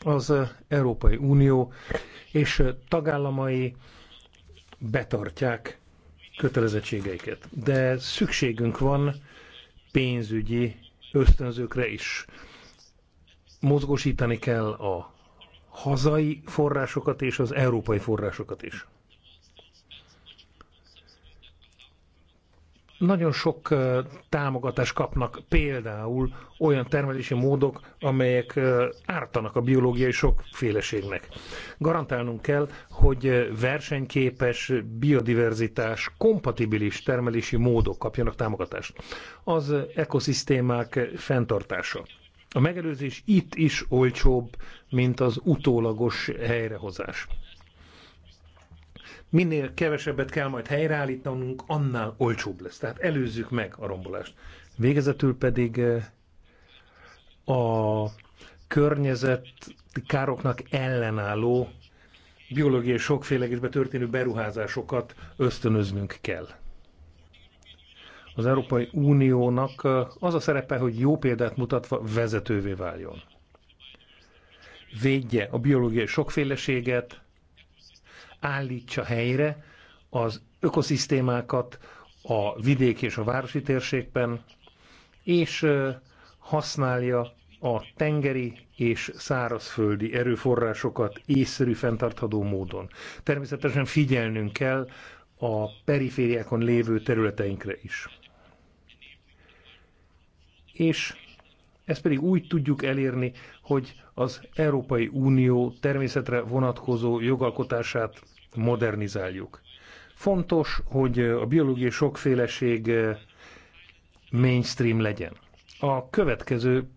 Az Európai Unió és tagállamai betartják kötelezettségeiket. De szükségünk van pénzügyi ösztönzőkre is. Mozgósítani kell a hazai forrásokat és az európai forrásokat is. nagyon sok támogatást kapnak például olyan termelési módok, amelyek ártanak a biológiai sokféleségnek. Garantálnunk kell, hogy versenyképes, biodiverzitás, kompatibilis termelési módok kapjanak támogatást. Az ekoszisztémák fenntartása. A megelőzés itt is olcsóbb, mint az utólagos helyrehozás minél kevesebbet kell majd helyreállítanunk, annál olcsóbb lesz. Tehát előzzük meg a rombolást. Végezetül pedig eh, a környezet károknak ellenálló biológiai sokfélegesbe történő beruházásokat ösztönöznünk kell. Az Európai Uniónak eh, az a szerepe, hogy jó példát mutatva vezetővé váljon. Védje a biológiai sokféleséget, állítsa helyre az ökoszisztémákat a vidék és a városi térségben, és használja a tengeri és szárazföldi erőforrásokat észszerű fenntartható módon. Természetesen figyelnünk kell a perifériákon lévő területeinkre is. És ezt pedig úgy tudjuk elérni, hogy az Európai Unió természetre vonatkozó jogalkotását modernizáljuk. Fontos, hogy a biológiai sokféleség eh, mainstream legyen. A következő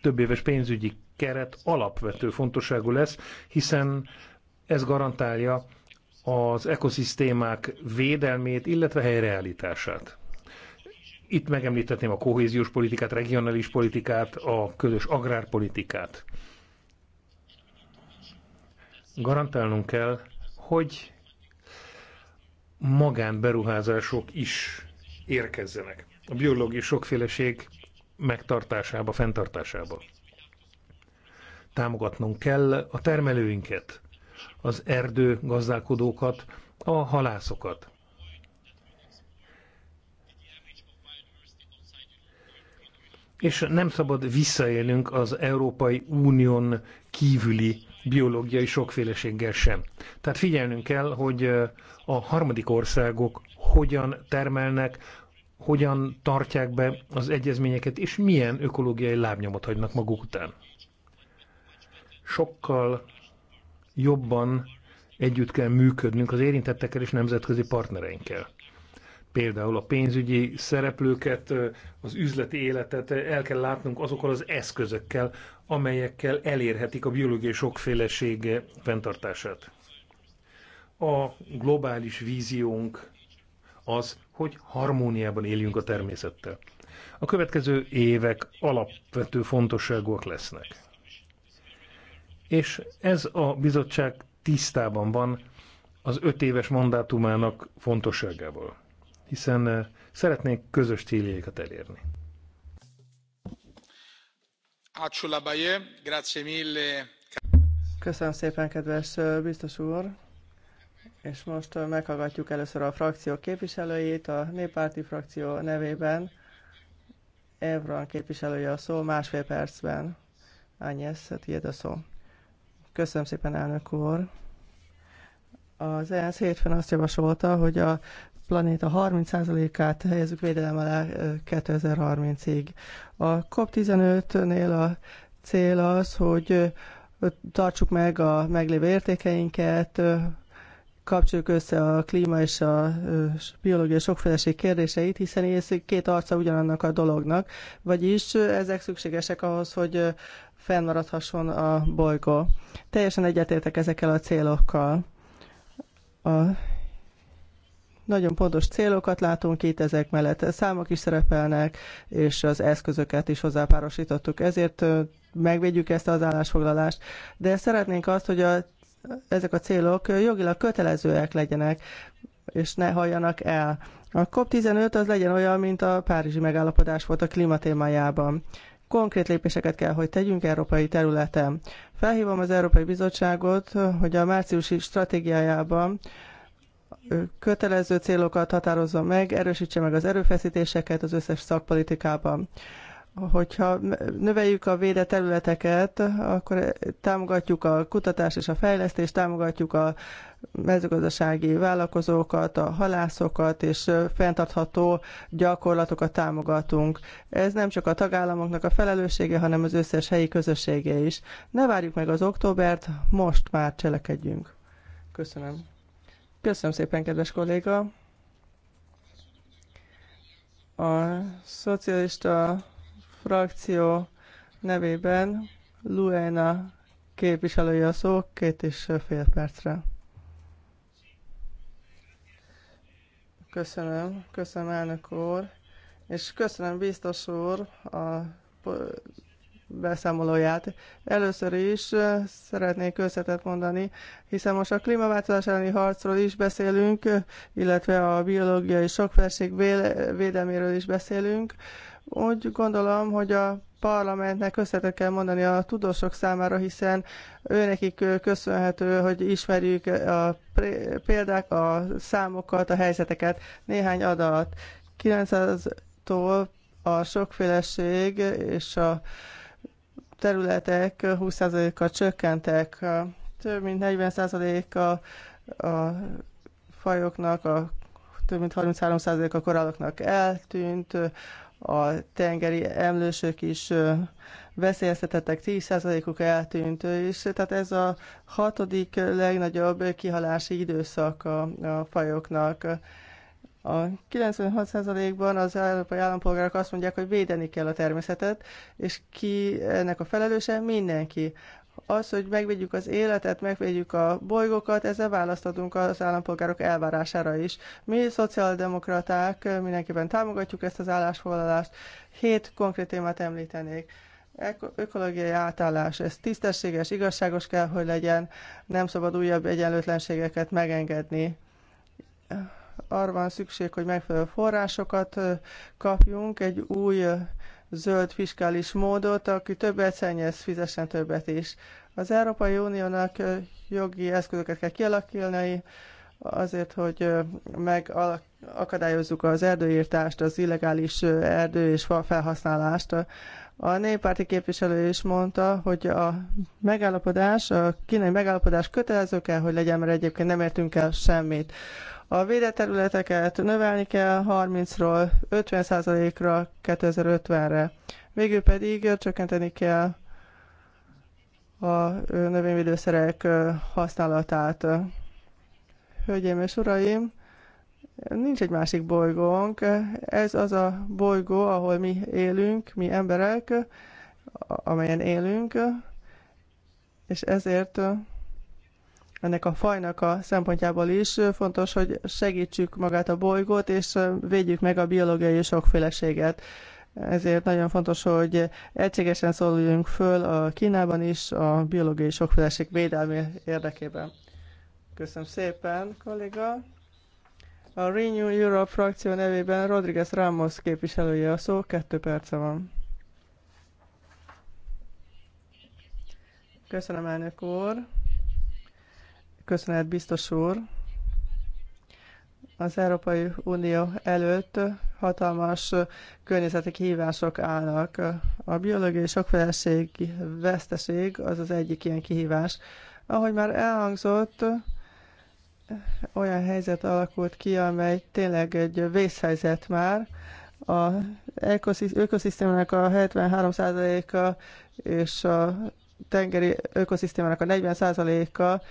több éves pénzügyi keret alapvető fontosságú lesz, hiszen ez garantálja az ekoszisztémák védelmét, illetve helyreállítását. Itt megemlíthetném a kohéziós politikát, regionális politikát, a közös agrárpolitikát. Garantálnunk kell, hogy magánberuházások is érkezzenek a biológiai sokféleség megtartásába, fenntartásába. Támogatnunk kell a termelőinket, az erdő gazdálkodókat, a halászokat. És nem szabad visszaélnünk az Európai Unión kívüli biológiai sokféleséggel sem. Tehát figyelnünk kell, hogy a harmadik országok hogyan termelnek, hogyan tartják be az egyezményeket, és milyen ökológiai lábnyomot hagynak maguk után. Sokkal jobban együtt kell működnünk az érintettekkel és nemzetközi partnereinkkel például a pénzügyi szereplőket, az üzleti életet el kell látnunk azokkal az eszközökkel, amelyekkel elérhetik a biológiai sokféleség fenntartását. A globális víziónk az, hogy harmóniában éljünk a természettel. A következő évek alapvető fontosságúak lesznek. És ez a bizottság tisztában van az öt éves mandátumának fontosságával hiszen eh, szeretnénk közös céljainkat elérni. Köszönöm szépen, kedves eh, biztos úr! És most eh, meghallgatjuk először a frakció képviselőjét, a néppárti frakció nevében. Evran képviselője a szó, másfél percben. Ányesz, tiéd a szó. Köszönöm szépen, elnök úr! Az ENSZ hétfőn azt javasolta, hogy a planéta 30%-át helyezzük védelem alá 2030-ig. A COP15-nél a cél az, hogy tartsuk meg a meglévő értékeinket, kapcsoljuk össze a klíma és a biológiai sokféleség kérdéseit, hiszen ez két arca ugyanannak a dolognak, vagyis ezek szükségesek ahhoz, hogy fennmaradhasson a bolygó. Teljesen egyetértek ezekkel a célokkal. A nagyon pontos célokat látunk itt, ezek mellett számok is szerepelnek, és az eszközöket is hozzápárosítottuk. Ezért megvédjük ezt az állásfoglalást. De szeretnénk azt, hogy a, ezek a célok jogilag kötelezőek legyenek, és ne halljanak el. A COP15 az legyen olyan, mint a Párizsi megállapodás volt a klímatémájában. Konkrét lépéseket kell, hogy tegyünk európai területen. Felhívom az Európai Bizottságot, hogy a márciusi stratégiájában kötelező célokat határozzon meg, erősítse meg az erőfeszítéseket az összes szakpolitikában. Hogyha növeljük a védett területeket, akkor e, támogatjuk a kutatást és a fejlesztést, támogatjuk a mezőgazdasági vállalkozókat, a halászokat és fenntartható gyakorlatokat támogatunk. Ez nem csak a tagállamoknak a felelőssége, hanem az összes helyi közössége is. Ne várjuk meg az októbert, most már cselekedjünk. Köszönöm. Köszönöm szépen, kedves kolléga! A szocialista frakció nevében Luena képviselője a szó két és fél percre. Köszönöm, köszönöm elnök úr, és köszönöm biztos úr a beszámolóját. Először is szeretnék összetett mondani, hiszen most a klímaváltozás elleni harcról is beszélünk, illetve a biológiai sokfelség védelméről is beszélünk. Úgy gondolom, hogy a parlamentnek összetett kell mondani a tudósok számára, hiszen őnekik köszönhető, hogy ismerjük a példák, a számokat, a helyzeteket, néhány adat. 900-tól a sokféleség és a területek 20 a csökkentek. Több mint 40%-a a fajoknak, a több mint 33% a koralloknak eltűnt, a tengeri emlősök is veszélyeztetettek, 10%-uk eltűnt, és tehát ez a hatodik legnagyobb kihalási időszak a, a fajoknak. A 96%-ban az európai állampolgárok azt mondják, hogy védeni kell a természetet, és ki ennek a felelőse? Mindenki. Az, hogy megvédjük az életet, megvédjük a bolygókat, ezzel választ adunk az állampolgárok elvárására is. Mi szociáldemokraták mindenképpen támogatjuk ezt az állásfoglalást. Hét konkrét témát említenék ökológiai átállás, ez tisztességes, igazságos kell, hogy legyen, nem szabad újabb egyenlőtlenségeket megengedni arra van szükség, hogy megfelelő forrásokat kapjunk, egy új zöld fiskális módot, aki többet szennyez, fizessen többet is. Az Európai Uniónak jogi eszközöket kell kialakítani, azért, hogy megakadályozzuk az erdőírtást, az illegális erdő és felhasználást. A néppárti képviselő is mondta, hogy a megállapodás, a kínai megállapodás kötelező kell, hogy legyen, mert egyébként nem értünk el semmit. A védett területeket növelni kell 30-ról 50%-ra 2050-re. Végül pedig csökkenteni kell a növényvédőszerek használatát. Hölgyeim és uraim, nincs egy másik bolygónk. Ez az a bolygó, ahol mi élünk, mi emberek, amelyen élünk, és ezért ennek a fajnak a szempontjából is fontos, hogy segítsük magát a bolygót, és védjük meg a biológiai sokféleséget. Ezért nagyon fontos, hogy egységesen szóljunk föl a Kínában is a biológiai sokféleség védelmi érdekében. Köszönöm szépen, kolléga! A Renew Europe frakció nevében Rodriguez Ramos képviselője a szó, kettő perce van. Köszönöm, elnök úr! Köszönet, biztos úr! Az Európai Unió előtt hatalmas környezeti kihívások állnak. A biológiai sokféleség veszteség az az egyik ilyen kihívás. Ahogy már elhangzott, olyan helyzet alakult ki, amely tényleg egy vészhelyzet már. A ökoszisztémának a 73%-a és a tengeri ökoszisztémának a 40%-a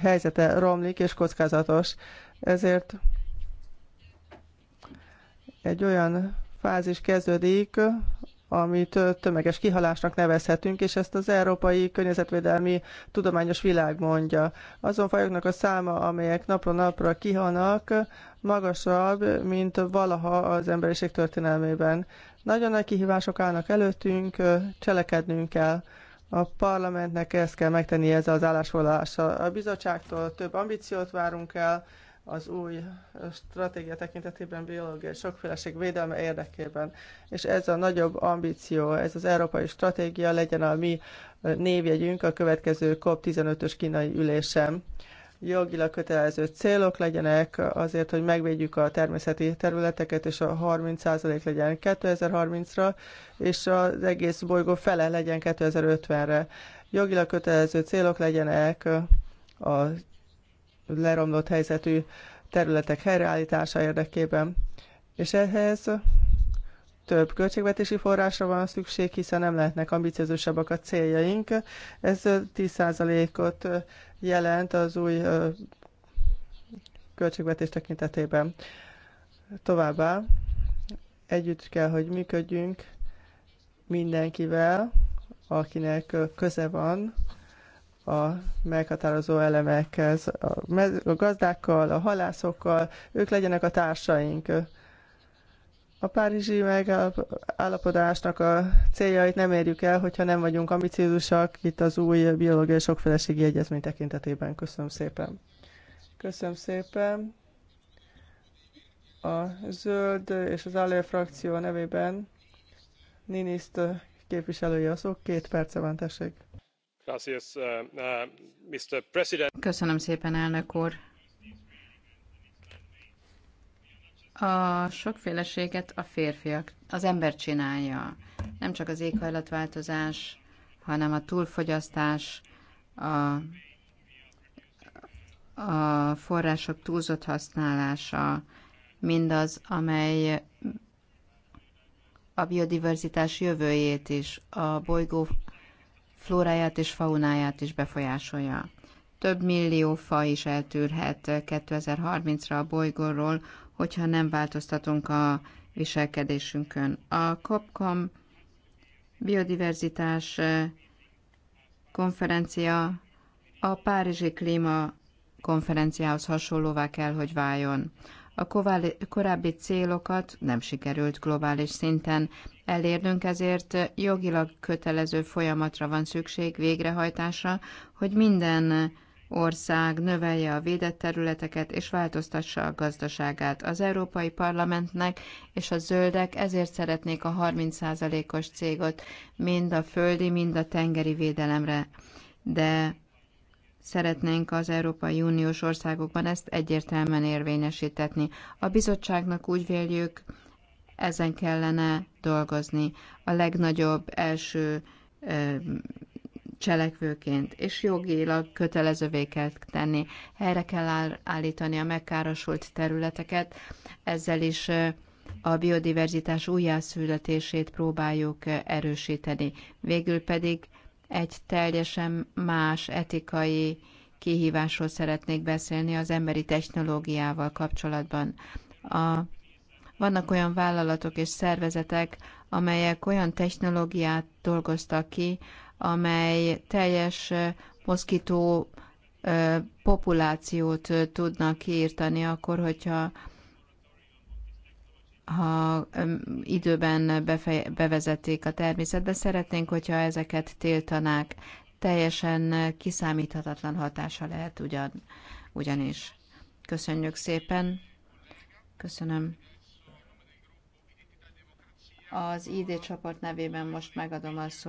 helyzete romlik és kockázatos. Ezért egy olyan fázis kezdődik, amit tömeges kihalásnak nevezhetünk, és ezt az Európai Környezetvédelmi Tudományos Világ mondja. Azon fajoknak a száma, amelyek napról napra kihalnak, magasabb, mint valaha az emberiség történelmében. Nagyon nagy kihívások állnak előttünk, cselekednünk kell. A parlamentnek ezt kell megtenni ez az állásfoglalása. A bizottságtól több ambíciót várunk el az új stratégia tekintetében biológiai sokféleség védelme érdekében. És ez a nagyobb ambíció, ez az európai stratégia legyen a mi névjegyünk a következő COP15-ös kínai ülésem jogilag kötelező célok legyenek azért, hogy megvédjük a természeti területeket, és a 30% legyen 2030-ra, és az egész bolygó fele legyen 2050-re. Jogilag kötelező célok legyenek a leromlott helyzetű területek helyreállítása érdekében, és ehhez több költségvetési forrásra van szükség, hiszen nem lehetnek ambiciózusabbak a céljaink. Ez 10%-ot jelent az új költségvetés tekintetében. Továbbá együtt kell, hogy működjünk mindenkivel, akinek köze van a meghatározó elemekhez, a gazdákkal, a halászokkal, ők legyenek a társaink. A párizsi megállapodásnak a céljait nem érjük el, hogyha nem vagyunk ambiciózusak itt az új biológiai sokféleségi egyezmény tekintetében. Köszönöm szépen. Köszönöm szépen. A zöld és az ALE frakció nevében Niniszt képviselője a szó. Két perce van, tessék. Uh, uh, Köszönöm szépen, elnök úr. A sokféleséget a férfiak, az ember csinálja. Nem csak az éghajlatváltozás, hanem a túlfogyasztás, a, a források túlzott használása, mindaz, amely a biodiverzitás jövőjét is, a bolygó flóráját és faunáját is befolyásolja több millió fa is eltűrhet 2030-ra a bolygóról, hogyha nem változtatunk a viselkedésünkön. A COPCOM biodiverzitás konferencia a Párizsi Klíma konferenciához hasonlóvá kell, hogy váljon. A korábbi célokat nem sikerült globális szinten elérnünk, ezért jogilag kötelező folyamatra van szükség végrehajtásra, hogy minden ország növelje a védett területeket és változtassa a gazdaságát. Az Európai Parlamentnek és a zöldek ezért szeretnék a 30%-os cégot mind a földi, mind a tengeri védelemre. De Szeretnénk az Európai Uniós országokban ezt egyértelműen érvényesítetni. A bizottságnak úgy véljük, ezen kellene dolgozni. A legnagyobb első cselekvőként, és jogilag kötelezővé kell tenni. Helyre kell állítani a megkárosult területeket, ezzel is a biodiverzitás újjászületését próbáljuk erősíteni. Végül pedig egy teljesen más etikai kihívásról szeretnék beszélni az emberi technológiával kapcsolatban. A, vannak olyan vállalatok és szervezetek, amelyek olyan technológiát dolgoztak ki, amely teljes moszkító populációt tudnak kiírtani akkor, hogyha ha időben befe- bevezették a természetbe, szeretnénk, hogyha ezeket tiltanák. Teljesen kiszámíthatatlan hatása lehet ugyan, ugyanis. Köszönjük szépen. Köszönöm. Az ID csoport nevében most megadom a szót.